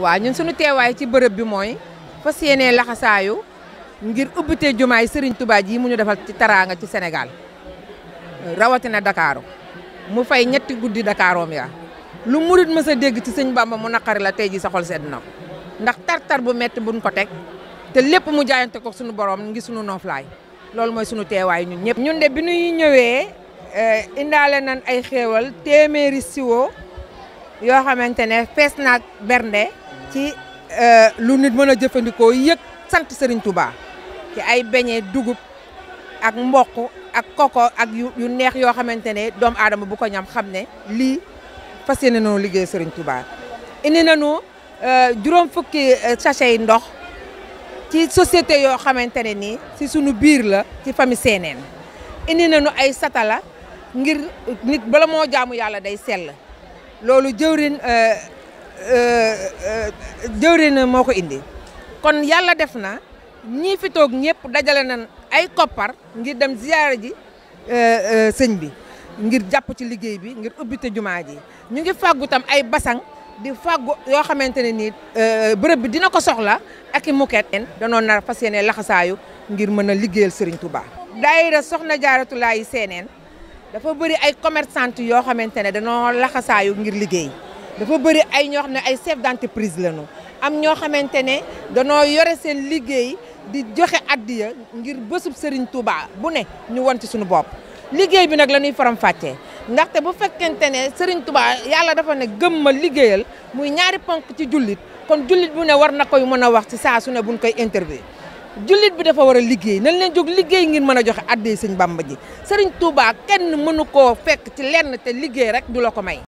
waaw ñun suñu teewaay ci bërëb bi mooy fas yéenee laxasaayu ngir ubbite jumaay Serigne Touba ji mu ñu defal ci taraanga ci Sénégal rawatina dakaaru mu fay ñetti guddi Dakaroom yaa lu murit mës a dégg ci sëñ Bamba mu naqari la tey ji sa xol sedd na ndax tar-tar bu metti buñ ko teg te lépp mu jaayante ko sunu borom ngir sunu nooflaay loolu mooy suñu teewaay ñun ñëpp. ñun de bi ñuy ñëwee eh, indaale nan ay xéewal téeméeri siwo yoo xamante ne fees naag bernde. ci euh, lu nit mën a jëfandikoo yëg sant sëriñ Touba ci ay beñe dugub ak mboq ak koko ak yu neex yoo xamante ne doom aadama bu ko ñam xam ne lii fas yéene nañu liggéey Serigne Touba. indi nañu euh, juróom fukki euh, sachet yi ndox ci société yoo xamante ne nii ci sunu biir la ci famille seeneen indi nañu ay satala ngir nit bala moo jaamu yàlla day sell loolu jëwrin jëwriñ na moo ko indi kon yàlla def na ñii fi toog ñëpp dajale na ay koppar ngir dem ziyaara ji euh, euh, sëñ bi ngir jàpp ci liggéey bi ngir ubbite jumaa ji ñu ngi fàggu tam ay basan di fàggu yoo xamante ne nii euh, bërëb bi dina ko soxla ak i muket danoo nar fas yéene laxasaayu ngir mën a liggéeyal Serigne Touba. daayira soxna jaaratulaayi seeneen dafa bëri ay commerçante yoo xamante ne danoo laxasaayu ngir liggéey dafa bëri ay ñoo xam ne ay chef d'entreprise lañu am ñoo xamante ne danoo yore seen liggéey di joxe addiya ngir bésub Serigne Touba bu ne ñu won ci suñu bopp liggéey bi nag la ñuy faram fàccee ndaxte bu fekkente ne Serigne Touba yàlla dafa ne gëm ma liggéeyal muy ñaari ponk ci jullit kon jullit bu ne war na koy mën a wax ci saa su ne buñ koy interview jullit bi dafa war a liggéey nañ leen jóg liggéey ngir mën a joxe addiya Sëñ Bamba ji sëriñ Touba kenn mënu koo fekk ci lenn te liggéey rek du la ko may.